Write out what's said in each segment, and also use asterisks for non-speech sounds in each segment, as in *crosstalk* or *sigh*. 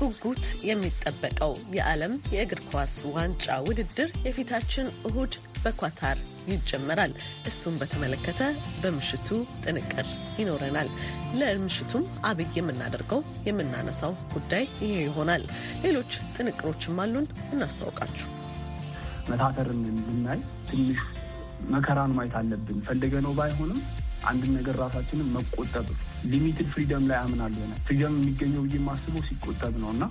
በጉጉት የሚጠበቀው የዓለም የእግር ኳስ ዋንጫ ውድድር የፊታችን እሁድ በኳታር ይጀመራል። እሱም በተመለከተ በምሽቱ ጥንቅር ይኖረናል። ለምሽቱም አብይ የምናደርገው የምናነሳው ጉዳይ ይሄ ይሆናል። ሌሎች ጥንቅሮችም አሉን፣ እናስተዋውቃችሁ። መታተርን ብናይ ትንሽ መከራን ማየት አለብን። ፈልገ ነው ባይሆንም አንድን ነገር ራሳችንን መቆጠብ ሊሚትድ ፍሪደም ላይ አምናለሁ። ፍሪደም የሚገኘው ብዬ ማስበው ሲቆጠብ ነው እና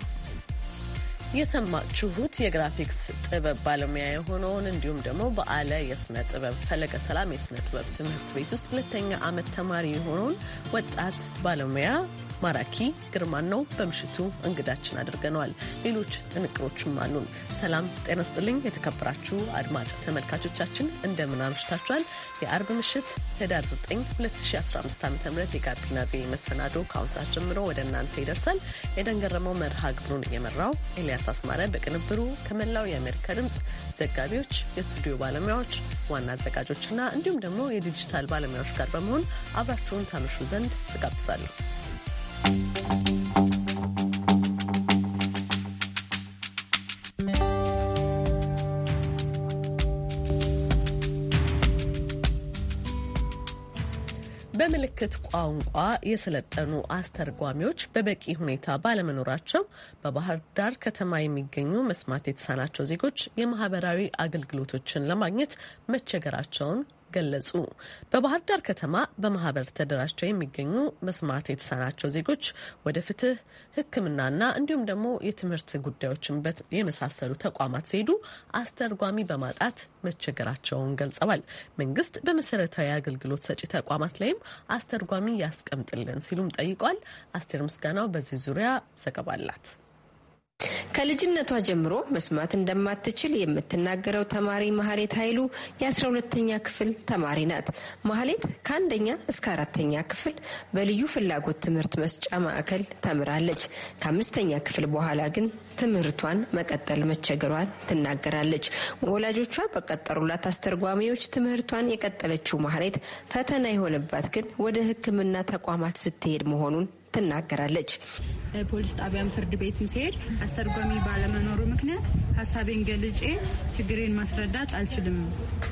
የሰማችሁት የግራፊክስ ጥበብ ባለሙያ የሆነውን እንዲሁም ደግሞ በአለ የስነ ጥበብ ፈለገ ሰላም የስነ ጥበብ ትምህርት ቤት ውስጥ ሁለተኛ ዓመት ተማሪ የሆነውን ወጣት ባለሙያ ማራኪ ግርማን ነው በምሽቱ እንግዳችን አድርገነዋል። ሌሎች ጥንቅሮችም አሉን። ሰላም ጤና ስጥልኝ። የተከበራችሁ አድማጭ ተመልካቾቻችን እንደምን አምሽታችኋል? የአርብ ምሽት ህዳር 9 2015 ዓ ም የጋቢና ቤ መሰናዶ ከአሁን ሰዓት ጀምሮ ወደ እናንተ ይደርሳል። የደንገረመው መርሃ ግብሩን እየመራው ኤልያስ ኤልያስ አስማረ በቅንብሩ ከመላው የአሜሪካ ድምፅ ዘጋቢዎች፣ የስቱዲዮ ባለሙያዎች፣ ዋና አዘጋጆችና እንዲሁም ደግሞ የዲጂታል ባለሙያዎች ጋር በመሆን አብራችሁን ታመሹ ዘንድ እጋብዛለሁ። በምልክት ቋንቋ የሰለጠኑ አስተርጓሚዎች በበቂ ሁኔታ ባለመኖራቸው በባህር ዳር ከተማ የሚገኙ መስማት የተሳናቸው ዜጎች የማህበራዊ አገልግሎቶችን ለማግኘት መቸገራቸውን ገለጹ። በባህር ዳር ከተማ በማህበር ተደራጅተው የሚገኙ መስማት የተሳናቸው ዜጎች ወደ ፍትህ፣ ሕክምናና እንዲሁም ደግሞ የትምህርት ጉዳዮችን የመሳሰሉ ተቋማት ሲሄዱ አስተርጓሚ በማጣት መቸገራቸውን ገልጸዋል። መንግስት በመሰረታዊ አገልግሎት ሰጪ ተቋማት ላይም አስተርጓሚ ያስቀምጥልን ሲሉም ጠይቋል። አስቴር ምስጋናው በዚህ ዙሪያ ዘገባ አላት። ከልጅነቷ ጀምሮ መስማት እንደማትችል የምትናገረው ተማሪ ማህሌት ኃይሉ የአስራ ሁለተኛ ክፍል ተማሪ ናት። ማህሌት ከአንደኛ እስከ አራተኛ ክፍል በልዩ ፍላጎት ትምህርት መስጫ ማዕከል ተምራለች። ከአምስተኛ ክፍል በኋላ ግን ትምህርቷን መቀጠል መቸገሯን ትናገራለች። ወላጆቿ በቀጠሩላት አስተርጓሚዎች ትምህርቷን የቀጠለችው ማህሌት ፈተና የሆነባት ግን ወደ ሕክምና ተቋማት ስትሄድ መሆኑን ትናገራለች። ፖሊስ ጣቢያን፣ ፍርድ ቤትም ሲሄድ አስተርጓሚ ባለመኖሩ ምክንያት ሀሳቤን ገልጬ ችግሬን ማስረዳት አልችልም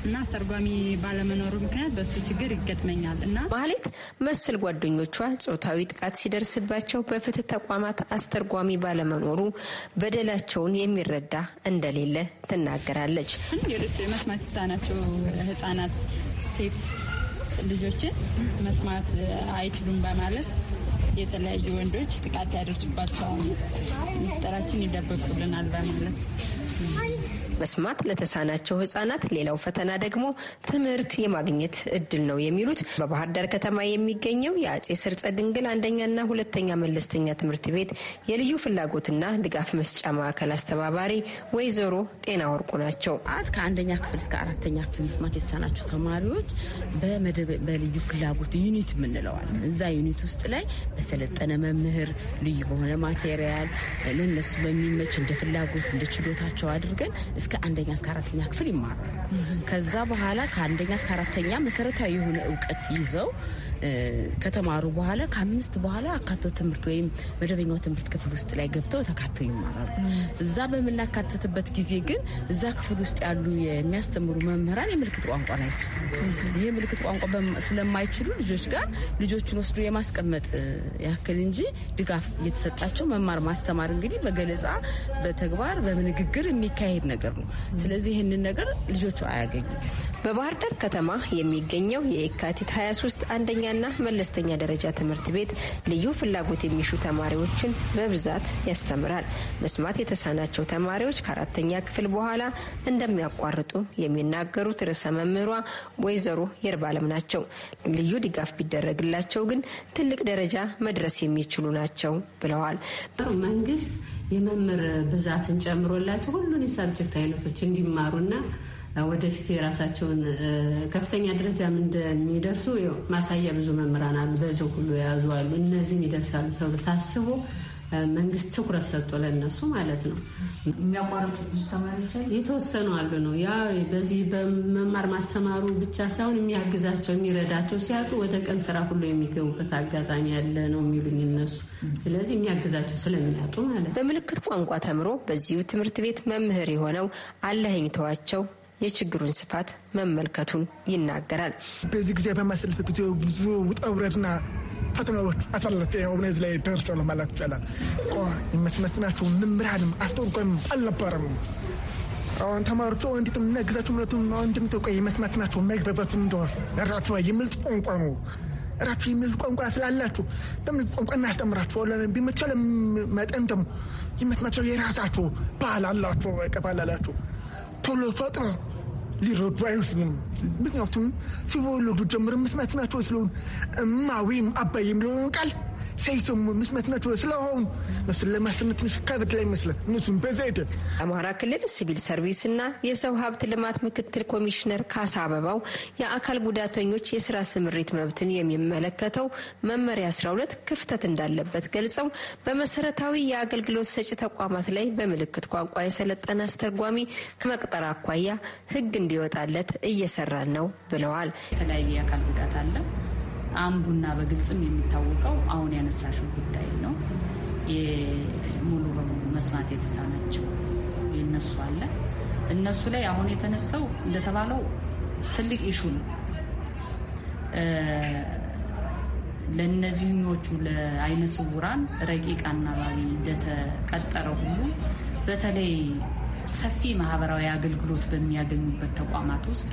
እና አስተርጓሚ ባለመኖሩ ምክንያት በሱ ችግር ይገጥመኛል እና ማህሌት መሰል ጓደኞቿ ጾታዊ ጥቃት ሲደርስባቸው በፍትህ ተቋማት አስተርጓሚ ባለመኖሩ በደላቸውን የሚረዳ እንደሌለ ትናገራለች። ሌሎች የመስማት ሳናቸው ህጻናት ሴት ልጆችን መስማት አይችሉም በማለት የተለያዩ ወንዶች ጥቃት ያደርሱባቸዋል። ምስጢራችን ይደበቁልናል በማለት መስማት ለተሳናቸው ህጻናት ሌላው ፈተና ደግሞ ትምህርት የማግኘት እድል ነው የሚሉት በባህር ዳር ከተማ የሚገኘው የአጼ ስርጸ ድንግል አንደኛና ሁለተኛ መለስተኛ ትምህርት ቤት የልዩ ፍላጎትና ድጋፍ መስጫ ማዕከል አስተባባሪ ወይዘሮ ጤና ወርቁ ናቸው። አት ከአንደኛ ክፍል እስከ አራተኛ ክፍል መስማት የተሳናቸው ተማሪዎች በልዩ ፍላጎት ዩኒት የምንለዋል እዛ ዩኒት ውስጥ ላይ በሰለጠነ መምህር ልዩ በሆነ ማቴሪያል ለነሱ በሚመች እንደ ፍላጎት እንደ ችሎታቸው አድርገን እስከ አንደኛ እስከ አራተኛ ክፍል ይማራል። ከዛ በኋላ ከአንደኛ እስከ አራተኛ መሰረታዊ የሆነ እውቀት ይዘው ከተማሩ በኋላ ከአምስት በኋላ አካቶ ትምህርት ወይም መደበኛው ትምህርት ክፍል ውስጥ ላይ ገብተው ተካተው ይማራሉ። እዛ በምናካተትበት ጊዜ ግን እዛ ክፍል ውስጥ ያሉ የሚያስተምሩ መምህራን የምልክት ቋንቋ ናቸው። ይህ ምልክት ቋንቋ ስለማይችሉ ልጆች ጋር ልጆችን ወስዶ የማስቀመጥ ያክል እንጂ ድጋፍ እየተሰጣቸው መማር ማስተማር እንግዲህ በገለጻ በተግባር በንግግር የሚካሄድ ነገር ነው። ስለዚህ ይህንን ነገር ልጆቹ አያገኙ። በባህር ዳር ከተማ የሚገኘው የካቲት 23 አንደኛ መደበኛና መለስተኛ ደረጃ ትምህርት ቤት ልዩ ፍላጎት የሚሹ ተማሪዎችን በብዛት ያስተምራል። መስማት የተሳናቸው ተማሪዎች ከአራተኛ ክፍል በኋላ እንደሚያቋርጡ የሚናገሩት ርዕሰ መምህሯ ወይዘሮ የርባለም ናቸው። ልዩ ድጋፍ ቢደረግላቸው ግን ትልቅ ደረጃ መድረስ የሚችሉ ናቸው ብለዋል። መንግስት የመምህር ብዛትን ጨምሮላቸው ሁሉን የሳብጀክት አይነቶች እንዲማሩና ወደፊት የራሳቸውን ከፍተኛ ደረጃም እንደሚደርሱ ማሳያ ብዙ መምህራን አሉ። በዚህ ሁሉ የያዙ አሉ። እነዚህም ይደርሳሉ ተብሎ ታስቦ መንግስት ትኩረት ሰጥቶ ለእነሱ ማለት ነው። የሚያቋርጡ ብዙ ተማሪዎች የተወሰኑ አሉ ነው ያ በዚህ በመማር ማስተማሩ ብቻ ሳይሆን የሚያግዛቸው የሚረዳቸው ሲያጡ ወደ ቀን ስራ ሁሉ የሚገቡበት አጋጣሚ ያለ ነው የሚሉኝ እነሱ። ስለዚህ የሚያግዛቸው ስለሚያጡ ማለት ነው። በምልክት ቋንቋ ተምሮ በዚሁ ትምህርት ቤት መምህር የሆነው አለኸኝ ተዋቸው የችግሩን ስፋት መመልከቱን ይናገራል። በዚህ ጊዜ በማሰልፍ ጊዜ ብዙ ውጣ ውረድና ፈተናዎች አሳለፍ ኦብነዝ ላይ ደርሻለሁ ማለት ይቻላል። የሚያስመስናቸው ምምራንም አስተርጓሚም አልነበረም። አሁን ተማሪዎቹ እንዴት የምናግዛቸው ምለቱም ተቆ የመስማት ናቸው መግባባቱ እንደሆነ ራቸው የምልጥ ቋንቋ ነው። ራቸው የሚልጥ ቋንቋ ስላላችሁ በሚልጥ ቋንቋ እናስተምራችኋለን። ቢመቻለ መጠን ደግሞ የመስማቸው የራሳችሁ ባህል አላችሁ ቀባል አላችሁ ቶሎ ፈጥነው ሊረዱ አይመስልም። ምክንያቱም ሲወለዱ ጀምር ምስማት ናቸው ስለሆን እማ ወይም አባ የሚለውን ቃል ሰይሰሙ መስማት ናቸው ስለሆኑ እነሱን ለማሰማት ትንሽ ላይ መስለ እነሱም በዛ አይደል። አማራ ክልል ሲቪል ሰርቪስና የሰው ሀብት ልማት ምክትል ኮሚሽነር ካሳ አበባው የአካል ጉዳተኞች የስራ ስምሪት መብትን የሚመለከተው መመሪያ 12 ክፍተት እንዳለበት ገልጸው በመሰረታዊ የአገልግሎት ሰጪ ተቋማት ላይ በምልክት ቋንቋ የሰለጠነ አስተርጓሚ ከመቅጠር አኳያ ህግ እንዲወጣለት እየሰራን ነው ብለዋል። የተለያየ አካል ጉዳት አለ አንዱና በግልጽም የሚታወቀው አሁን ያነሳሽው ጉዳይ ነው። ሙሉ በሙሉ መስማት የተሳናቸው የነሱ አለ። እነሱ ላይ አሁን የተነሳው እንደተባለው ትልቅ ኢሹ ነው። ለእነዚህኞቹ ለአይነ ስውራን ረቂቅ አናባቢ እንደተቀጠረ ሁሉ በተለይ ሰፊ ማህበራዊ አገልግሎት በሚያገኙበት ተቋማት ውስጥ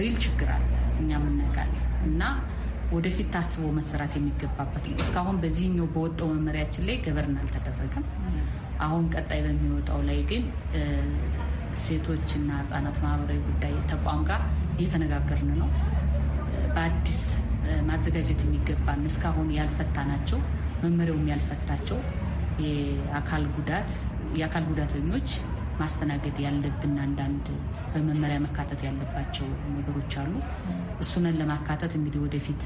ሪል ችግር አለ። እኛም እናውቃለን እና ወደፊት ታስቦ መሰራት የሚገባበት ነው። እስካሁን በዚህኛው በወጣው መመሪያችን ላይ ገበርን አልተደረገም። አሁን ቀጣይ በሚወጣው ላይ ግን ሴቶችና ህጻናት ማህበራዊ ጉዳይ ተቋም ጋር እየተነጋገርን ነው። በአዲስ ማዘጋጀት የሚገባን እስካሁን ናቸው መመሪያውም ያልፈታቸው የአካል ጉዳት የአካል ጉዳተኞች ማስተናገድ ያለብን አንዳንድ በመመሪያ መካተት ያለባቸው ነገሮች አሉ። እሱንን ለማካተት እንግዲህ ወደፊት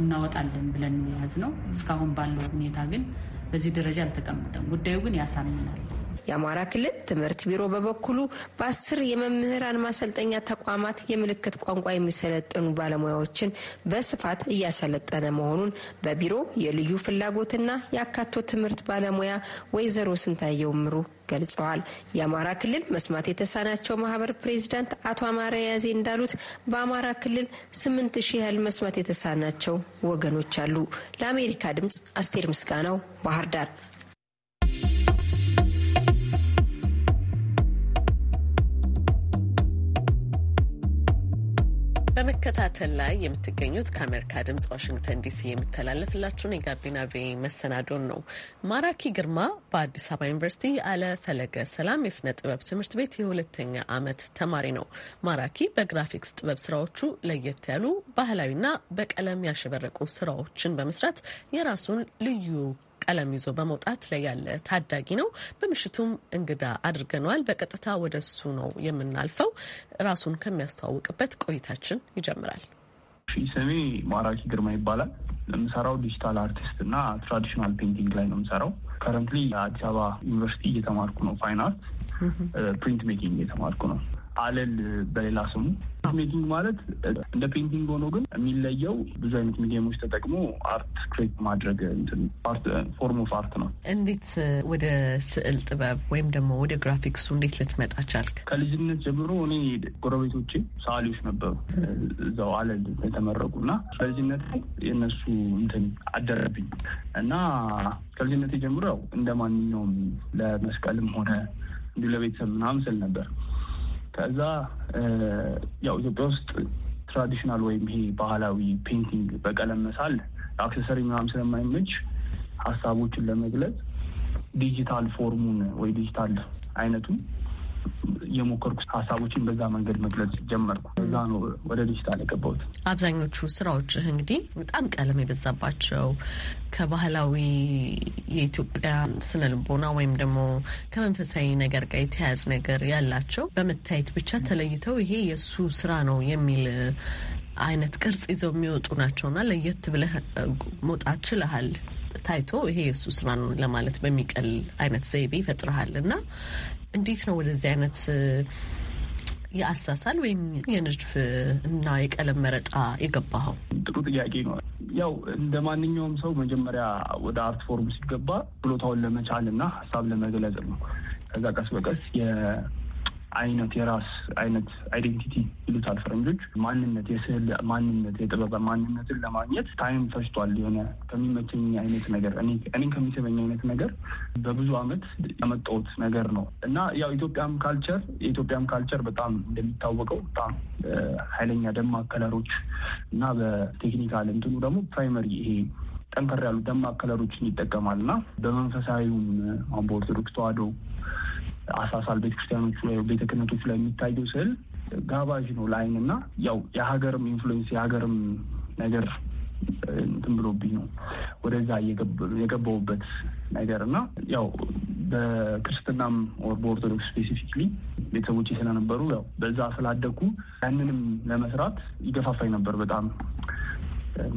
እናወጣለን ብለን የያዝነው። እስካሁን ባለው ሁኔታ ግን በዚህ ደረጃ አልተቀመጠም። ጉዳዩ ግን ያሳምናል። የአማራ ክልል ትምህርት ቢሮ በበኩሉ በአስር የመምህራን ማሰልጠኛ ተቋማት የምልክት ቋንቋ የሚሰለጥኑ ባለሙያዎችን በስፋት እያሰለጠነ መሆኑን በቢሮ የልዩ ፍላጎትና የአካቶ ትምህርት ባለሙያ ወይዘሮ ስንታየው ምሩ ገልጸዋል። የአማራ ክልል መስማት የተሳናቸው ማህበር ፕሬዚዳንት አቶ አማረ ያዜ እንዳሉት በአማራ ክልል ስምንት ሺህ ያህል መስማት የተሳናቸው ወገኖች አሉ። ለአሜሪካ ድምጽ አስቴር ምስጋናው ባህር ዳር በመከታተል ላይ የምትገኙት ከአሜሪካ ድምጽ ዋሽንግተን ዲሲ የሚተላለፍላችሁን የጋቢና ቪ መሰናዶን ነው። ማራኪ ግርማ በአዲስ አበባ ዩኒቨርሲቲ አለ ፈለገ ሰላም የስነ ጥበብ ትምህርት ቤት የሁለተኛ ዓመት ተማሪ ነው። ማራኪ በግራፊክስ ጥበብ ስራዎቹ ለየት ያሉ ባህላዊና በቀለም ያሸበረቁ ስራዎችን በመስራት የራሱን ልዩ ቀለም ይዞ በመውጣት ላይ ያለ ታዳጊ ነው። በምሽቱም እንግዳ አድርገነዋል። በቀጥታ ወደ እሱ ነው የምናልፈው። ራሱን ከሚያስተዋውቅበት ቆይታችን ይጀምራል። ስሜ ማራኪ ግርማ ይባላል። የምሰራው ዲጂታል አርቲስት እና ትራዲሽናል ፔንቲንግ ላይ ነው የምሰራው። ከረንትሊ አዲስ አበባ ዩኒቨርሲቲ እየተማርኩ ነው። ፋይን አርት ፕሪንት ሜኪንግ እየተማርኩ ነው። አለል በሌላ ስሙ ሜኪንግ ማለት እንደ ፔንቲንግ ሆኖ ግን የሚለየው ብዙ አይነት ሚዲየሞች ተጠቅሞ አርት ክሬት ማድረግ ፎርም ኦፍ አርት ነው። እንዴት ወደ ስዕል ጥበብ ወይም ደግሞ ወደ ግራፊክሱ እንዴት ልትመጣ ቻልክ? ከልጅነት ጀምሮ እኔ ጎረቤቶቼ ሰዓሊዎች ነበሩ፣ እዛው አለል የተመረቁ እና ከልጅነት የእነሱ እንትን አደረብኝ እና ከልጅነት ጀምሮ ያው እንደ ማንኛውም ለመስቀልም ሆነ እንዲሁ ለቤተሰብ ምናምን ስል ነበር ከዛ ያው ኢትዮጵያ ውስጥ ትራዲሽናል ወይም ይሄ ባህላዊ ፔንቲንግ በቀለም መሳል አክሰሰሪ ምናምን ስለማይመች ሀሳቦችን ለመግለጽ ዲጂታል ፎርሙን ወይ ዲጂታል አይነቱን የሞከርኩ ሀሳቦችን በዛ መንገድ መግለጽ ጀመርኩ። እዛ ነው ወደ ዲጂታል የገባሁት። አብዛኞቹ ስራዎችህ እንግዲህ በጣም ቀለም የበዛባቸው ከባህላዊ የኢትዮጵያ ስነ ልቦና ወይም ደግሞ ከመንፈሳዊ ነገር ጋር የተያያዝ ነገር ያላቸው በመታየት ብቻ ተለይተው ይሄ የእሱ ስራ ነው የሚል አይነት ቅርጽ ይዘው የሚወጡ ናቸውና ለየት ብለህ መውጣት ችለሃል። ታይቶ ይሄ የእሱ ስራ ነው ለማለት በሚቀል አይነት ዘይቤ ይፈጥረሃል እና እንዴት ነው ወደዚህ አይነት የአሳሳል ወይም የንድፍ እና የቀለም መረጣ የገባኸው? ጥሩ ጥያቄ ነው። ያው እንደ ማንኛውም ሰው መጀመሪያ ወደ አርት ፎርም ሲገባ ብሎታውን ለመቻል እና ሀሳብ ለመግለጽ ነው። ከዛ ቀስ በቀስ አይነት የራስ አይነት አይዴንቲቲ ይሉታል ፈረንጆች ማንነት፣ የስዕል ማንነት፣ የጥበብ ማንነትን ለማግኘት ታይም ፈጅቷል። የሆነ ከሚመቸኝ አይነት ነገር እኔ ከሚሰበኝ አይነት ነገር በብዙ አመት ያመጣሁት ነገር ነው እና ያው ኢትዮጵያም ካልቸር የኢትዮጵያም ካልቸር በጣም እንደሚታወቀው በጣም ኃይለኛ ደማቅ ከለሮች እና በቴክኒካል እንትኑ ደግሞ ፕራይመሪ ይሄ ጠንከር ያሉ ደማቅ ከለሮችን ይጠቀማል እና በመንፈሳዊውም አምቦ ኦርቶዶክስ ተዋህዶ አሳሳል ቤተክርስቲያኖቹ ላይ ቤተ ክህነቶቹ ላይ የሚታየው ስዕል ጋባዥ ነው ለአይን እና ያው የሀገርም ኢንፍሉዌንስ የሀገርም ነገር እንትን ብሎብኝ ነው ወደዛ የገባውበት ነገር እና ያው በክርስትናም ኦር በኦርቶዶክስ ስፔሲፊክሊ ቤተሰቦች ስለነበሩ ያው በዛ ስላደኩ ያንንም ለመስራት ይገፋፋኝ ነበር በጣም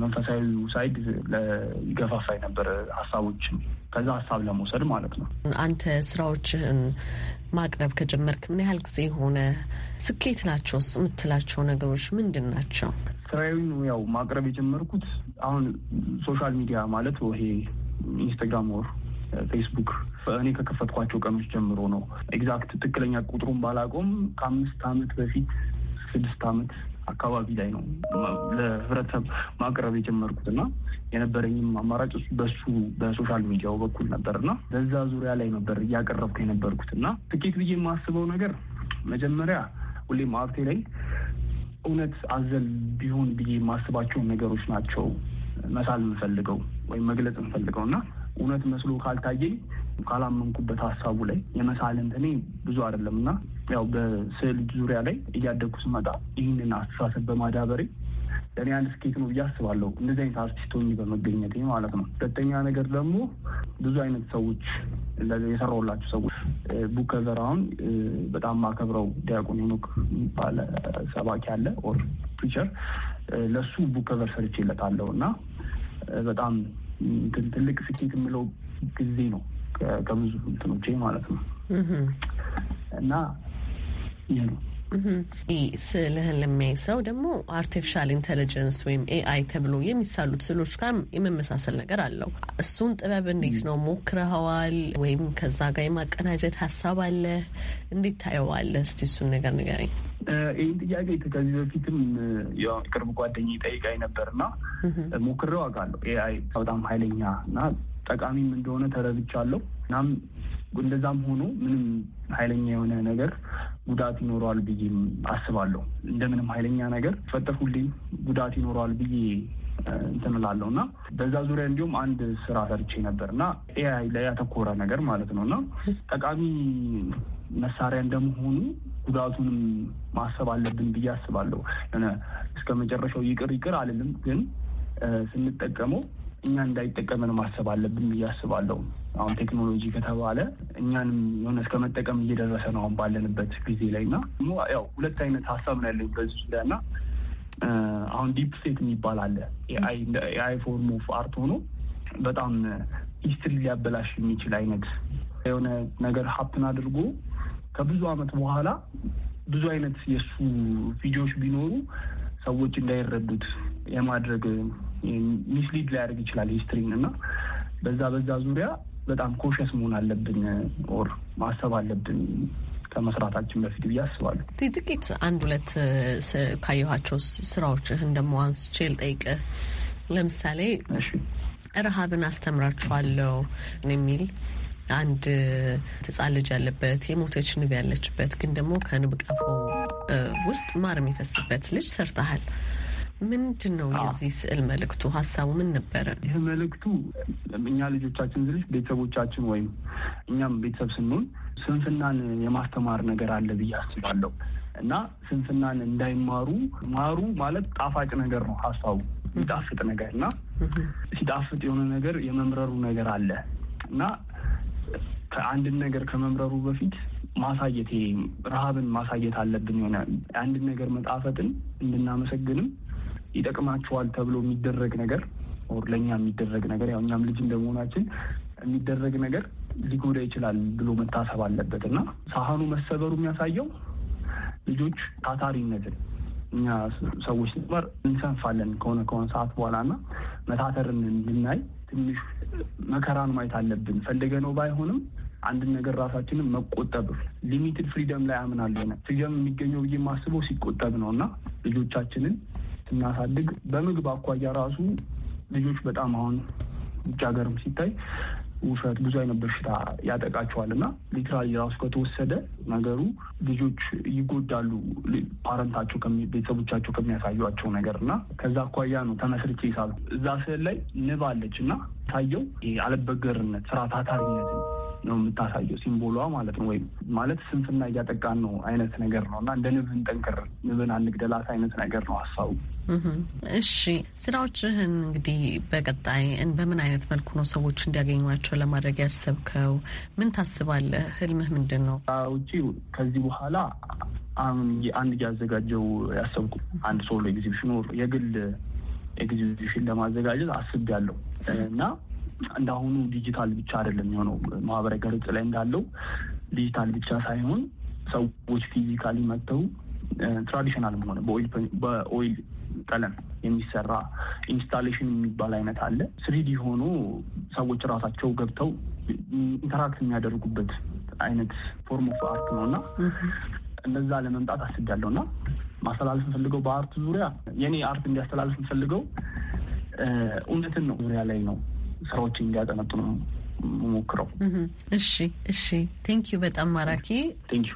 መንፈሳዊ ሳይድ ይገፋፋ የነበረ ሀሳቦችን ከዛ ሀሳብ ለመውሰድ ማለት ነው። አንተ ስራዎችህን ማቅረብ ከጀመርክ ምን ያህል ጊዜ የሆነ? ስኬት ናቸው የምትላቸው ነገሮች ምንድን ናቸው? ስራዊን ያው ማቅረብ የጀመርኩት አሁን ሶሻል ሚዲያ ማለት ይሄ ኢንስታግራም ወር ፌስቡክ እኔ ከከፈትኳቸው ቀኖች ጀምሮ ነው። ኤግዛክት ትክክለኛ ቁጥሩን ባላቆም ከአምስት አመት በፊት ስድስት አመት አካባቢ ላይ ነው ለህብረተሰብ ማቅረብ የጀመርኩት እና የነበረኝም አማራጭ በሱ በሶሻል ሚዲያው በኩል ነበር እና በዛ ዙሪያ ላይ ነበር እያቀረብኩ የነበርኩት እና ትኬት ብዬ የማስበው ነገር መጀመሪያ ሁሌም አርቴ ላይ እውነት አዘል ቢሆን ብዬ የማስባቸውን ነገሮች ናቸው መሳል የምፈልገው ወይም መግለጽ የምፈልገው እና እውነት መስሎ ካልታየኝ ካላመንኩበት ሀሳቡ ላይ የመሳል እንትኔ ብዙ አይደለም እና ያው በስዕል ዙሪያ ላይ እያደጉ ስመጣ ይህንን አስተሳሰብ በማዳበሬ ለእኔ አንድ ስኬት ነው ብዬ አስባለሁ። እንደዚህ አይነት አርቲስት ሆኜ በመገኘት ማለት ነው። ሁለተኛ ነገር ደግሞ ብዙ አይነት ሰዎች የሰራውላቸው ሰዎች ቡከቨር አሁን በጣም ማከብረው ዲያቆን ሄኖክ የሚባል ሰባኪ አለ ኦር ፒቸር ለእሱ ቡክ ሰርች ሰርቼለታለሁ እና በጣም ትልቅ ስኬት የምለው ጊዜ ነው ከብዙ እንትኖቼ ማለት ነው እና ያሉ ስልህን ለሚያይ ሰው ደግሞ አርቲፊሻል ኢንቴሊጀንስ ወይም ኤአይ ተብሎ የሚሳሉት ስሎች ጋር የመመሳሰል ነገር አለው። እሱን ጥበብ እንዴት ነው ሞክረኸዋል? ወይም ከዛ ጋር የማቀናጀት ሀሳብ አለ? እንዴት ታየዋለህ? እስቲ እሱን ነገር ንገረኝ። ይህን ጥያቄ ከዚህ በፊትም የቅርብ ጓደኛዬ ጠይቃኝ ነበርና ሞክሬው አውቃለሁ። ኤአይ በጣም ኃይለኛ እና ጠቃሚም እንደሆነ ተረድቻለሁ። እናም እንደዛም ሆኖ ምንም ኃይለኛ የሆነ ነገር ጉዳት ይኖረዋል ብዬ አስባለሁ። እንደምንም ኃይለኛ ነገር ፈጠርሁልኝ ጉዳት ይኖረዋል ብዬ እንትን እላለሁ እና በዛ ዙሪያ እንዲሁም አንድ ስራ ሰርቼ ነበር እና ኤአይ ላይ ያተኮረ ነገር ማለት ነው እና ጠቃሚ መሳሪያ እንደመሆኑ ጉዳቱንም ማሰብ አለብን ብዬ አስባለሁ። እስከ መጨረሻው ይቅር ይቅር አልልም፣ ግን ስንጠቀመው እኛ እንዳይጠቀመን ማሰብ አለብን ብዬ አስባለሁ። አሁን ቴክኖሎጂ ከተባለ እኛንም የሆነ እስከ መጠቀም እየደረሰ ነው አሁን ባለንበት ጊዜ ላይ እና ያው ሁለት አይነት ሀሳብ ነው ያለኝ በዚህ ዙሪያ እና አሁን ዲፕ ስቴት የሚባል አለ የአይ ፎርም ኦፍ አርት ሆኖ በጣም ሂስትሪ ሊያበላሽ የሚችል አይነት የሆነ ነገር ሀፕን አድርጎ ከብዙ አመት በኋላ ብዙ አይነት የእሱ ቪዲዮዎች ቢኖሩ ሰዎች እንዳይረዱት የማድረግ ሚስሊድ ሊያደርግ ይችላል ሂስትሪን እና በዛ በዛ ዙሪያ በጣም ኮሸስ መሆን አለብን ኦር ማሰብ አለብን ከመስራታችን በፊት ብዬ አስባለሁ። ጥቂት አንድ ሁለት ካየኋቸው ስራዎችህን ደግሞ አንስቼ ልጠይቅህ። ለምሳሌ ረሃብን አስተምራችኋለሁ የሚል አንድ ህጻን ልጅ ያለበት የሞተች ንብ ያለችበት ግን ደግሞ ከንብ ቀፎ ውስጥ ማር የሚፈስበት ልጅ ሰርተሃል። ምንድን ነው የዚህ ስዕል መልእክቱ? ሀሳቡ ምን ነበረ? ይህ መልእክቱ እኛ ልጆቻችን ዝልጅ ቤተሰቦቻችን ወይም እኛም ቤተሰብ ስንሆን ስንፍናን የማስተማር ነገር አለ ብዬ አስባለሁ እና ስንፍናን እንዳይማሩ ማሩ ማለት ጣፋጭ ነገር ነው ሀሳቡ የሚጣፍጥ ነገር እና ሲጣፍጥ የሆነ ነገር የመምረሩ ነገር አለ እና ከአንድን ነገር ከመምረሩ በፊት ማሳየት ይሄ ረሃብን ማሳየት አለብን። የሆነ አንድን ነገር መጣፈጥን እንድናመሰግንም ይጠቅማቸዋል ተብሎ የሚደረግ ነገር ኦር ለእኛ የሚደረግ ነገር ያው እኛም ልጅ እንደመሆናችን የሚደረግ ነገር ሊጎዳ ይችላል ብሎ መታሰብ አለበት እና ሳህኑ መሰበሩ የሚያሳየው ልጆች ታታሪነትን እኛ ሰዎች ስንማር እንሰንፋለን ከሆነ ከሆነ ሰዓት በኋላ እና መታተርን እንድናይ ትንሽ መከራን ማየት አለብን። ፈልገ ነው ባይሆንም አንድን ነገር ራሳችንን መቆጠብ ሊሚትድ ፍሪደም ላይ አምናለሁ። ፍሪደም የሚገኘው ብዬ ማስበው ሲቆጠብ ነው እና ልጆቻችንን ስናሳድግ በምግብ አኳያ ራሱ ልጆች በጣም አሁን ውጭ ሀገርም ሲታይ ውሸት፣ ብዙ አይነት በሽታ ያጠቃቸዋል እና ሊትራሊ ራሱ ከተወሰደ ነገሩ ልጆች ይጎዳሉ። ፓረንታቸው ቤተሰቦቻቸው ከሚያሳዩቸው ነገር እና ከዛ አኳያ ነው ተመስርቼ ይሳሉ። እዛ ስዕል ላይ ንብ አለች እና ታየው አለበገርነት፣ ስራ ታታሪነት ነው የምታሳየው ሲምቦሏ ማለት ነው። ወይም ማለት ስንፍና እያጠቃን ነው አይነት ነገር ነው እና እንደ ንብ እንጠንክር፣ ንብን አንግደላት አይነት ነገር ነው ሀሳቡ። እሺ ስራዎችህን እንግዲህ በቀጣይ በምን አይነት መልኩ ነው ሰዎች እንዲያገኟቸው ለማድረግ ያሰብከው? ምን ታስባለህ? ህልምህ ምንድን ነው? ውጪ ከዚህ በኋላ አንድ እያዘጋጀው ያሰብኩ አንድ ሶሎ ኤግዚቢሽን የግል ኤግዚቢሽን ለማዘጋጀት አስቤያለሁ እና እንደ አሁኑ ዲጂታል ብቻ አይደለም የሆነው ማህበራዊ ገጽ ላይ እንዳለው ዲጂታል ብቻ ሳይሆን ሰዎች ፊዚካሊ መጥተው ትራዲሽናል ሆነ በኦይል ቀለም የሚሰራ ኢንስታሌሽን የሚባል አይነት አለ። ስሪዲ ሆኖ ሰዎች ራሳቸው ገብተው ኢንተራክት የሚያደርጉበት አይነት ፎርም ኦፍ አርት ነው እና እነዛ ለመምጣት አስቤያለሁ እና ማስተላለፍ የምፈልገው በአርት ዙሪያ የእኔ አርት እንዲያስተላለፍ የምፈልገው እውነትን ነው ዙሪያ ላይ ነው ስራዎችን እንዲያጠነጥኑ ነው የምሞክረው። እሺ፣ እሺ። ቴንኪዩ በጣም ማራኪ ቴንኪዩ።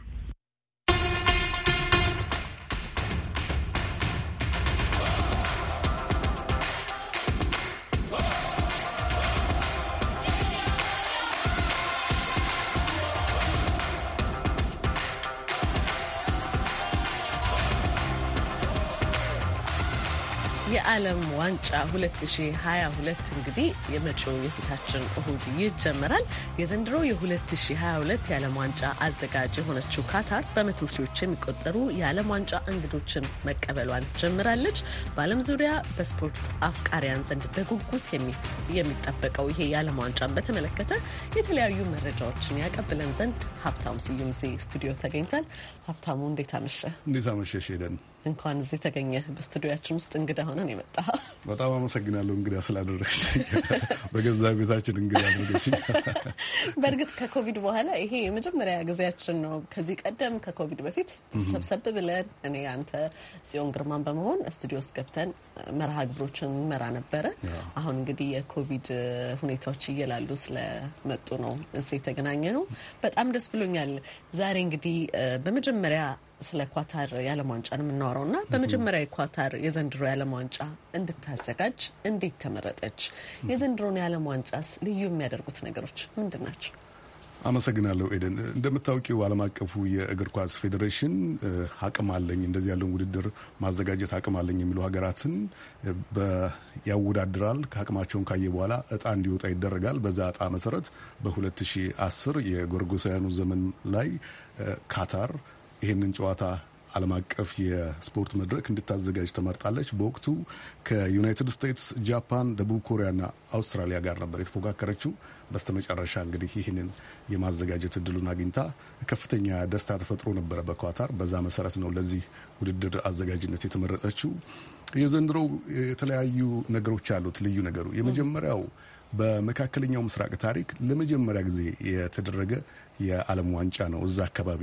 የዓለም ዋንጫ 2022 እንግዲህ የመጪው የፊታችን እሁድ ይጀመራል። የዘንድሮ የ2022 የዓለም ዋንጫ አዘጋጅ የሆነችው ካታር በመቶ ሺዎች የሚቆጠሩ የዓለም ዋንጫ እንግዶችን መቀበሏን ጀምራለች። በዓለም ዙሪያ በስፖርት አፍቃሪያን ዘንድ በጉጉት የሚጠበቀው ይሄ የዓለም ዋንጫን በተመለከተ የተለያዩ መረጃዎችን ያቀብለን ዘንድ ሀብታሙ ስዩም ስቱዲዮ ተገኝቷል። ሀብታሙ እንዴት አመሸ? እንዴት አመሸሽ ሄደን እንኳን እዚህ ተገኘ በስቱዲያችን ውስጥ እንግዳ ሆነን የመጣ በጣም አመሰግናለሁ። እንግዳ ስላደረግሽ *laughs* በገዛ ቤታችን እንግዳ አደረግሽ። *laughs* በእርግጥ ከኮቪድ በኋላ ይሄ የመጀመሪያ ጊዜያችን ነው። ከዚህ ቀደም ከኮቪድ በፊት ሰብሰብ ብለን እኔ አንተ ጽዮን ግርማን በመሆን ስቱዲዮ ውስጥ ገብተን መርሃ ግብሮችን መራ ነበረ። አሁን እንግዲህ የኮቪድ ሁኔታዎች እየላሉ ስለመጡ ነው እዚህ የተገናኘ ነው። በጣም ደስ ብሎኛል። ዛሬ እንግዲህ በመጀመሪያ ስለ ኳታር የዓለም ዋንጫ ነው የምናወራው እና በመጀመሪያ የኳታር የዘንድሮ የዓለም ዋንጫ እንድታዘጋጅ እንዴት ተመረጠች? የዘንድሮን የዓለም ዋንጫስ ልዩ የሚያደርጉት ነገሮች ምንድን ናቸው? አመሰግናለሁ ኤደን። እንደምታውቂው ዓለም አቀፉ የእግር ኳስ ፌዴሬሽን አቅም አለኝ እንደዚህ ያለውን ውድድር ማዘጋጀት አቅም አለኝ የሚሉ ሀገራትን ያወዳድራል። ከአቅማቸውን ካየ በኋላ እጣ እንዲወጣ ይደረጋል። በዛ እጣ መሰረት በ2010 የጎርጎሳውያኑ ዘመን ላይ ካታር ይህንን ጨዋታ ዓለም አቀፍ የስፖርት መድረክ እንድታዘጋጅ ተመርጣለች። በወቅቱ ከዩናይትድ ስቴትስ፣ ጃፓን፣ ደቡብ ኮሪያና አውስትራሊያ ጋር ነበር የተፎካከረችው። በስተመጨረሻ እንግዲህ ይህንን የማዘጋጀት እድሉን አግኝታ ከፍተኛ ደስታ ተፈጥሮ ነበረ በኳታር። በዛ መሰረት ነው ለዚህ ውድድር አዘጋጅነት የተመረጠችው። የዘንድሮው የተለያዩ ነገሮች አሉት። ልዩ ነገሩ የመጀመሪያው በመካከለኛው ምስራቅ ታሪክ ለመጀመሪያ ጊዜ የተደረገ የዓለም ዋንጫ ነው እዛ አካባቢ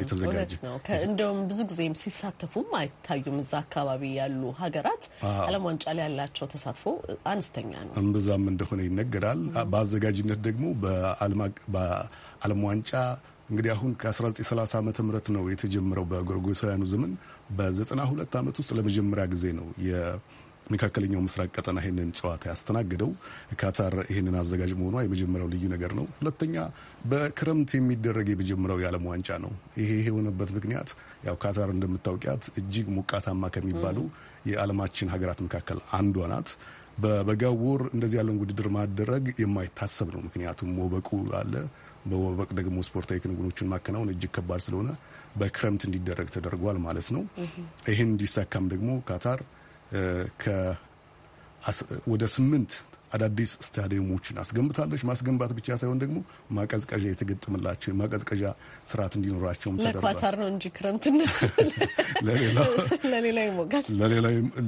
የተዘጋጀ ነው። እንደውም ብዙ ጊዜም ሲሳተፉም አይታዩም። እዛ አካባቢ ያሉ ሀገራት ዓለም ዋንጫ ላይ ያላቸው ተሳትፎ አነስተኛ ነው እምብዛም እንደሆነ ይነገራል። በአዘጋጅነት ደግሞ በዓለም ዋንጫ እንግዲህ አሁን ከ1930 ዓ ምህረት ነው የተጀመረው በጎርጎሳውያኑ ዘመን በ92 ዓመት ውስጥ ለመጀመሪያ ጊዜ ነው መካከለኛው ምስራቅ ቀጠና ይህንን ጨዋታ ያስተናገደው ካታር ይህንን አዘጋጅ መሆኗ የመጀመሪያው ልዩ ነገር ነው። ሁለተኛ በክረምት የሚደረግ የመጀመሪያው የዓለም ዋንጫ ነው። ይሄ የሆነበት ምክንያት ያው ካታር እንደምታውቂያት እጅግ ሞቃታማ ከሚባሉ የዓለማችን ሀገራት መካከል አንዷ ናት። በበጋው ወር እንደዚህ ያለውን ውድድር ማደረግ የማይታሰብ ነው። ምክንያቱም ወበቁ አለ። በወበቅ ደግሞ ስፖርታዊ ክንውኖችን ማከናወን እጅግ ከባድ ስለሆነ በክረምት እንዲደረግ ተደርጓል ማለት ነው። ይህን እንዲሳካም ደግሞ ካታር ወደ ስምንት አዳዲስ ስታዲየሞችን አስገንብታለች። ማስገንባት ብቻ ሳይሆን ደግሞ ማቀዝቀዣ የተገጠመላቸው ማቀዝቀዣ ስርዓት እንዲኖራቸውም ለኳታር ነው እንጂ ክረምትነት *laughs*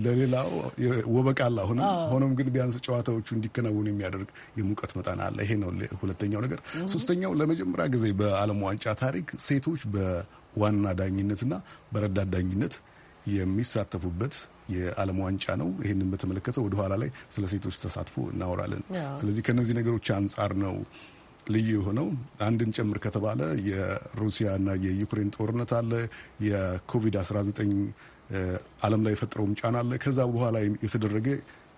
ለሌላው *laughs* ወበቃላ ሆነ። ሆኖም ግን ቢያንስ ጨዋታዎቹ እንዲከናወኑ የሚያደርግ የሙቀት መጠን አለ። ይሄ ነው ሁለተኛው ነገር። ሶስተኛው ለመጀመሪያ ጊዜ በዓለም ዋንጫ ታሪክ ሴቶች በዋና ዳኝነትና በረዳት ዳኝነት የሚሳተፉበት የዓለም ዋንጫ ነው። ይህንን በተመለከተ ወደኋላ ላይ ስለ ሴቶች ተሳትፎ እናወራለን። ስለዚህ ከእነዚህ ነገሮች አንጻር ነው ልዩ የሆነው አንድን ጨምር ከተባለ የሩሲያና የዩክሬን ጦርነት አለ። የኮቪድ-19 ዓለም ላይ የፈጠረውም ጫና አለ። ከዛ በኋላ የተደረገ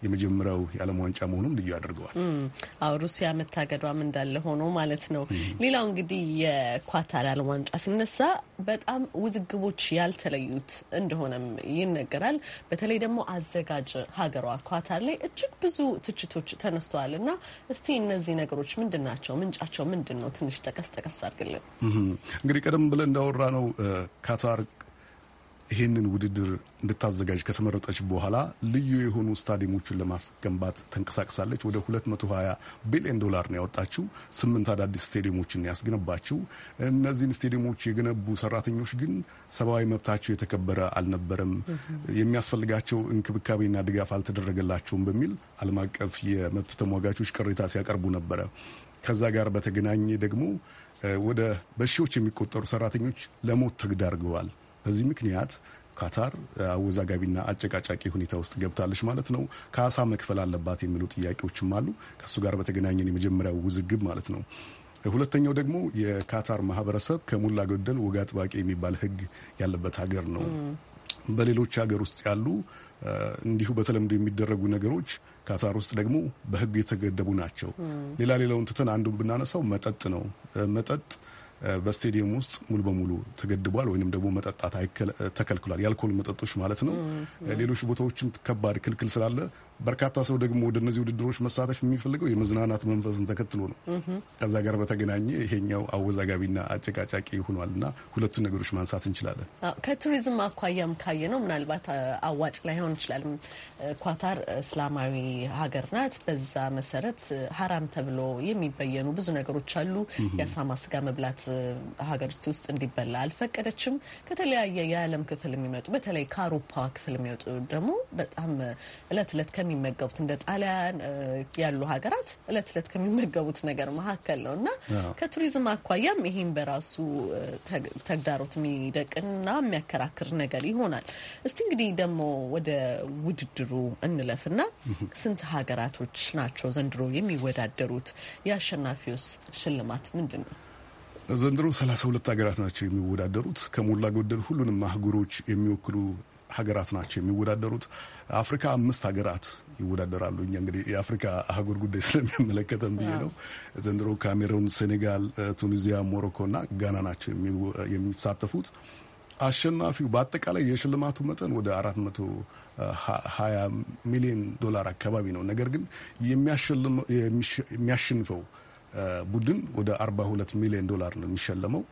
የመጀመሪያው የዓለም ዋንጫ መሆኑም ልዩ አድርገዋል። አዎ ሩሲያ መታገዷም እንዳለ ሆኖ ማለት ነው። ሌላው እንግዲህ የኳታር ዓለም ዋንጫ ሲነሳ በጣም ውዝግቦች ያልተለዩት እንደሆነም ይነገራል። በተለይ ደግሞ አዘጋጅ ሀገሯ ኳታር ላይ እጅግ ብዙ ትችቶች ተነስተዋል እና እስቲ እነዚህ ነገሮች ምንድን ናቸው? ምንጫቸው ምንድን ነው? ትንሽ ጠቀስ ጠቀስ አድርግልን። እንግዲህ ቀደም ብለን እንዳወራ ነው ካታር ይህንን ውድድር እንድታዘጋጅ ከተመረጠች በኋላ ልዩ የሆኑ ስታዲየሞችን ለማስገንባት ተንቀሳቅሳለች። ወደ 220 ቢሊዮን ዶላር ነው ያወጣችው። ስምንት አዳዲስ ስታዲየሞችን ያስገነባችው። እነዚህን ስታዲየሞች የገነቡ ሰራተኞች ግን ሰብአዊ መብታቸው የተከበረ አልነበረም፣ የሚያስፈልጋቸው እንክብካቤና ድጋፍ አልተደረገላቸውም በሚል ዓለም አቀፍ የመብት ተሟጋቾች ቅሬታ ሲያቀርቡ ነበረ። ከዛ ጋር በተገናኘ ደግሞ ወደ በሺዎች የሚቆጠሩ ሰራተኞች ለሞት ተዳርገዋል። በዚህ ምክንያት ካታር አወዛጋቢና አጨቃጫቂ ሁኔታ ውስጥ ገብታለች ማለት ነው። ካሳ መክፈል አለባት የሚሉ ጥያቄዎችም አሉ። ከእሱ ጋር በተገናኘን የመጀመሪያው ውዝግብ ማለት ነው። ሁለተኛው ደግሞ የካታር ማህበረሰብ ከሞላ ጎደል ወግ አጥባቂ የሚባል ሕግ ያለበት ሀገር ነው። በሌሎች ሀገር ውስጥ ያሉ እንዲሁ በተለምዶ የሚደረጉ ነገሮች ካታር ውስጥ ደግሞ በሕግ የተገደቡ ናቸው። ሌላ ሌላውን ትተን አንዱን ብናነሳው መጠጥ ነው። መጠጥ በስቴዲየም ውስጥ ሙሉ በሙሉ ተገድቧል፣ ወይንም ደግሞ መጠጣት ተከልክሏል። የአልኮል መጠጦች ማለት ነው። ሌሎች ቦታዎችም ከባድ ክልክል ስላለ በርካታ ሰው ደግሞ ወደ እነዚህ ውድድሮች መሳተፍ የሚፈልገው የመዝናናት መንፈስን ተከትሎ ነው። ከዛ ጋር በተገናኘ ይሄኛው አወዛጋቢና አጨቃጫቂ እና ሁለቱን ነገሮች ማንሳት እንችላለን። ከቱሪዝም አኳያም ካየ ነው ምናልባት አዋጭ ላይሆን ይችላል። ኳታር እስላማዊ ሀገር ናት። በዛ መሰረት ሀራም ተብሎ የሚበየኑ ብዙ ነገሮች አሉ። የአሳማ ስጋ መብላት ሀገሪቱ ውስጥ እንዲበላ አልፈቀደችም። ከተለያየ የዓለም ክፍል የሚመጡ በተለይ ከአውሮፓ ክፍል የሚወጡ ደግሞ በጣም እለት እለት ከሚ ከሚመገቡት እንደ ጣሊያን ያሉ ሀገራት እለት እለት ከሚመገቡት ነገር መካከል ነው እና ከቱሪዝም አኳያም ይሄም በራሱ ተግዳሮት የሚደቅና የሚያከራክር ነገር ይሆናል። እስቲ እንግዲህ ደግሞ ወደ ውድድሩ እንለፍና ስንት ሀገራቶች ናቸው ዘንድሮ የሚወዳደሩት? የአሸናፊውስ ሽልማት ምንድን ነው? ዘንድሮ ሰላሳ ሁለት ሀገራት ናቸው የሚወዳደሩት። ከሞላ ጎደል ሁሉንም አህጉሮች የሚወክሉ ሀገራት ናቸው የሚወዳደሩት። አፍሪካ አምስት ሀገራት ይወዳደራሉ። እኛ እንግዲህ የአፍሪካ አህጉር ጉዳይ *laughs* ስለሚያመለከተን ብዬ ነው። ዘንድሮ ካሜሩን፣ ሴኔጋል፣ ቱኒዚያ፣ ሞሮኮ እና ጋና ናቸው የሚሳተፉት። አሸናፊው በአጠቃላይ የሽልማቱ መጠን ወደ 420 ሚሊዮን ዶላር አካባቢ ነው። ነገር ግን የሚያሸንፈው ቡድን ወደ 42 ሚሊዮን ዶላር ነው የሚሸለመው።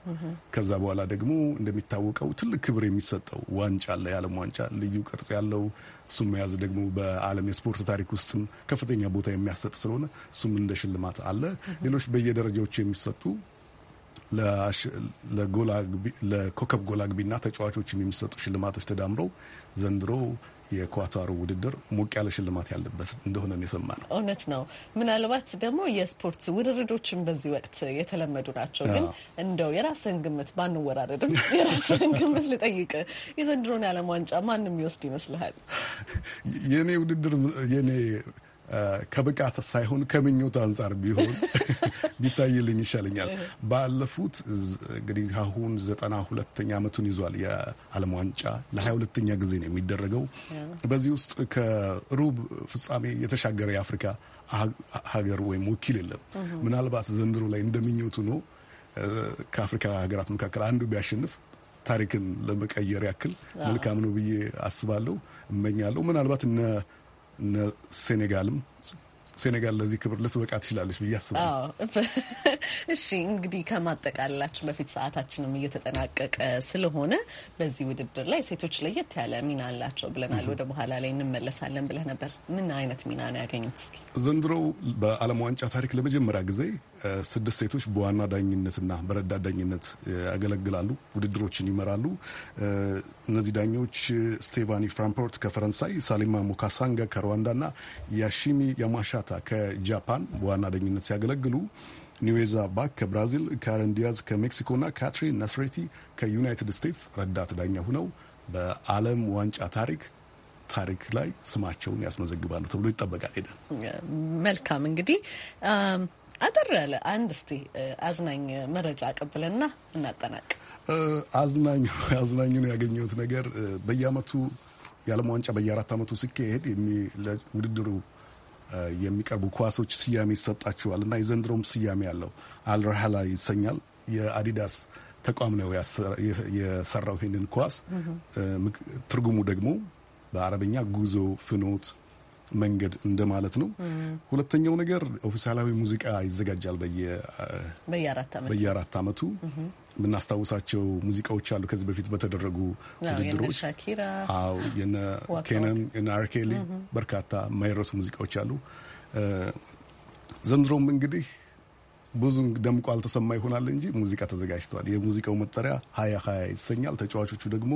ከዛ በኋላ ደግሞ እንደሚታወቀው ትልቅ ክብር የሚሰጠው ዋንጫ አለ፣ የዓለም ዋንጫ ልዩ ቅርጽ ያለው እሱም መያዝ ደግሞ በዓለም የስፖርት ታሪክ ውስጥም ከፍተኛ ቦታ የሚያሰጥ ስለሆነ እሱም እንደ ሽልማት አለ። ሌሎች በየደረጃዎች የሚሰጡ ለኮከብ ጎላግቢና አግቢና ተጫዋቾችም የሚሰጡ ሽልማቶች ተዳምረው ዘንድሮ የኳታሩ ውድድር ሞቅ ያለ ሽልማት ያለበት እንደሆነ የሰማ ነው። እውነት ነው። ምናልባት ደግሞ የስፖርት ውድድሮችን በዚህ ወቅት የተለመዱ ናቸው። ግን እንደው የራስህን ግምት ባንወራረድም *laughs* የራስህን ግምት ልጠይቅ፣ የዘንድሮን የዓለም ዋንጫ ማንም ይወስድ ይመስልሃል? የእኔ ውድድር የእኔ ከብቃት ሳይሆን ከምኞት አንጻር ቢሆን *laughs* ቢታይልኝ ይሻለኛል። ባለፉት እንግዲህ አሁን ዘጠና ሁለተኛ ዓመቱን ይዟል የዓለም ዋንጫ ለሀያ ሁለተኛ ጊዜ ነው የሚደረገው። በዚህ ውስጥ ከሩብ ፍጻሜ የተሻገረ የአፍሪካ ሀገር ወይም ወኪል የለም። ምናልባት ዘንድሮ ላይ እንደምኞቱ ነው ከአፍሪካ ሀገራት መካከል አንዱ ቢያሸንፍ ታሪክን ለመቀየር ያክል መልካም ነው ብዬ አስባለሁ፣ እመኛለሁ። ምናልባት እነ እነ ሴኔጋልም ሴኔጋል ለዚህ ክብር ልትበቃ ትችላለች ብዬ አስባለሁ። *laughs* እሺ እንግዲህ ከማጠቃለላችን በፊት ሰዓታችንም እየተጠናቀቀ ስለሆነ በዚህ ውድድር ላይ ሴቶች ለየት ያለ ሚና አላቸው ብለናል። ወደ በኋላ ላይ እንመለሳለን ብለህ ነበር። ምን አይነት ሚና ነው ያገኙት? እስኪ ዘንድሮው በዓለም ዋንጫ ታሪክ ለመጀመሪያ ጊዜ ስድስት ሴቶች በዋና ዳኝነትና በረዳት ዳኝነት ያገለግላሉ፣ ውድድሮችን ይመራሉ። እነዚህ ዳኞች ስቴቫኒ ፍራምፖርት ከፈረንሳይ፣ ሳሊማ ሙካሳንጋ ከሩዋንዳና ያሺሚ ያማሻታ ሞራታ ከጃፓን በዋና ደኝነት ሲያገለግሉ ኒዌዛ ባክ ከብራዚል፣ ካረን ዲያዝ ከሜክሲኮና ካትሪን ነስሬቲ ከዩናይትድ ስቴትስ ረዳት ዳኛ ሁነው በዓለም ዋንጫ ታሪክ ታሪክ ላይ ስማቸውን ያስመዘግባሉ ተብሎ ይጠበቃል። ሄደ መልካም እንግዲህ አጠር ያለ አንድ እስቲ አዝናኝ መረጃ አቀብለና እናጠናቅ። አዝናኙን ያገኘሁት ነገር በየአመቱ የዓለም ዋንጫ በየአራት ዓመቱ ሲካሄድ ውድድሩ የሚቀርቡ ኳሶች ስያሜ ይሰጣቸዋል እና የዘንድሮም ስያሜ ያለው አልረሃላ ይሰኛል። የአዲዳስ ተቋም ነው የሰራው ይህንን ኳስ። ትርጉሙ ደግሞ በአረበኛ ጉዞ፣ ፍኖት፣ መንገድ እንደማለት ነው። ሁለተኛው ነገር ኦፊሳላዊ ሙዚቃ ይዘጋጃል በየአራት ዓመቱ የምናስታውሳቸው ሙዚቃዎች አሉ ከዚህ በፊት በተደረጉ ውድድሮች አዎ የነ ኬነን የነ አርኬሊ በርካታ የማይረሱ ሙዚቃዎች አሉ። ዘንድሮም እንግዲህ ብዙ ደምቆ አልተሰማ ይሆናል እንጂ ሙዚቃ ተዘጋጅተዋል። የሙዚቃው መጠሪያ ሀያ ሀያ ይሰኛል። ተጫዋቾቹ ደግሞ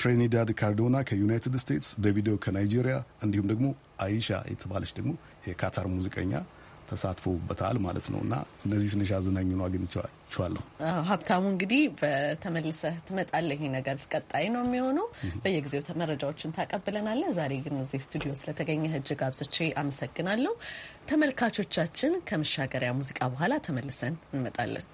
ትሪኒዳድ ካርዶና ከዩናይትድ ስቴትስ፣ ደቪዶ ከናይጄሪያ እንዲሁም ደግሞ አይሻ የተባለች ደግሞ የካታር ሙዚቀኛ ተሳትፎበታል ማለት ነው እና እነዚህ ትንሽ አዝናኝ ነው አግኝቸዋለሁ። ሀብታሙ እንግዲህ በተመልሰህ ትመጣለህ። ይሄ ነገር ቀጣይ ነው የሚሆነው። በየጊዜው መረጃዎችን ታቀብለናለ። ዛሬ ግን እዚህ ስቱዲዮ ስለተገኘ እጅግ አብዝቼ አመሰግናለሁ። ተመልካቾቻችን ከመሻገሪያ ሙዚቃ በኋላ ተመልሰን እንመጣለን።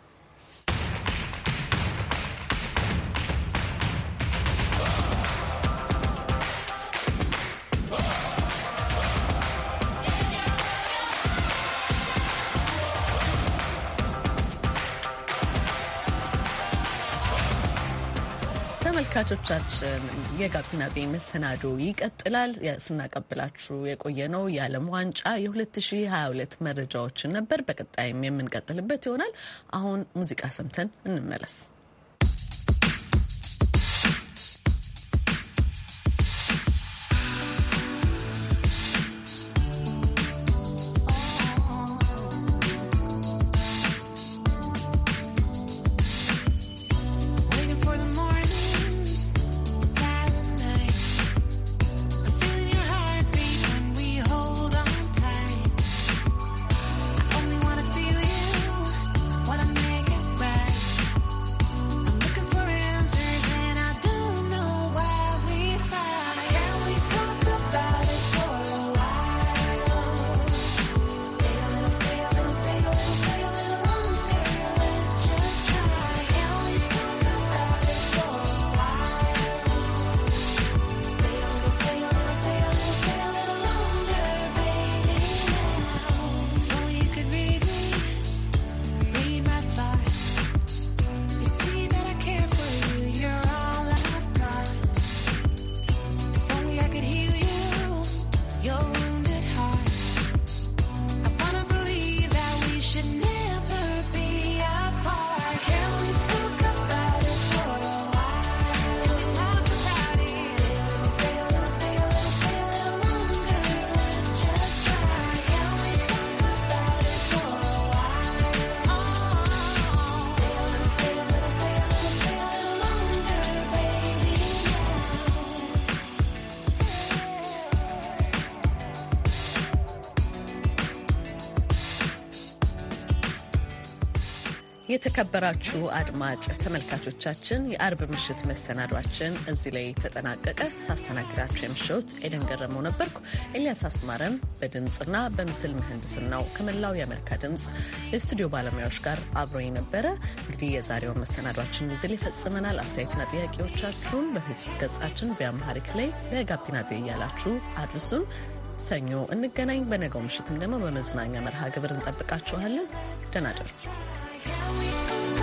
ተመልካቾቻችን የጋቢና ቤ መሰናዶ ይቀጥላል። ስናቀብላችሁ የቆየ ነው የዓለም ዋንጫ የ2022 መረጃዎችን ነበር። በቀጣይም የምንቀጥልበት ይሆናል። አሁን ሙዚቃ ሰምተን እንመለስ። የተከበራችሁ አድማጭ ተመልካቾቻችን የአርብ ምሽት መሰናዷችን እዚህ ላይ ተጠናቀቀ። ሳስተናግዳችሁ የምሽት ኤደን ገረመው ነበርኩ። ኤልያስ አስማረም በድምፅና በምስል ምህንድስናው ከመላው የአሜሪካ ድምፅ የስቱዲዮ ባለሙያዎች ጋር አብሮኝ ነበረ። እንግዲህ የዛሬውን መሰናዷችን እዚህ ላይ ፈጽመናል። አስተያየትና ጥያቄዎቻችሁን በፌስቡክ ገጻችን በአምሃሪክ ላይ ለጋቢና ቤ እያላችሁ አድርሱን። ሰኞ እንገናኝ። በነገው ምሽትም ደግሞ በመዝናኛ መርሃ ግብር እንጠብቃችኋለን። ደህና እደሩ። Can we talk?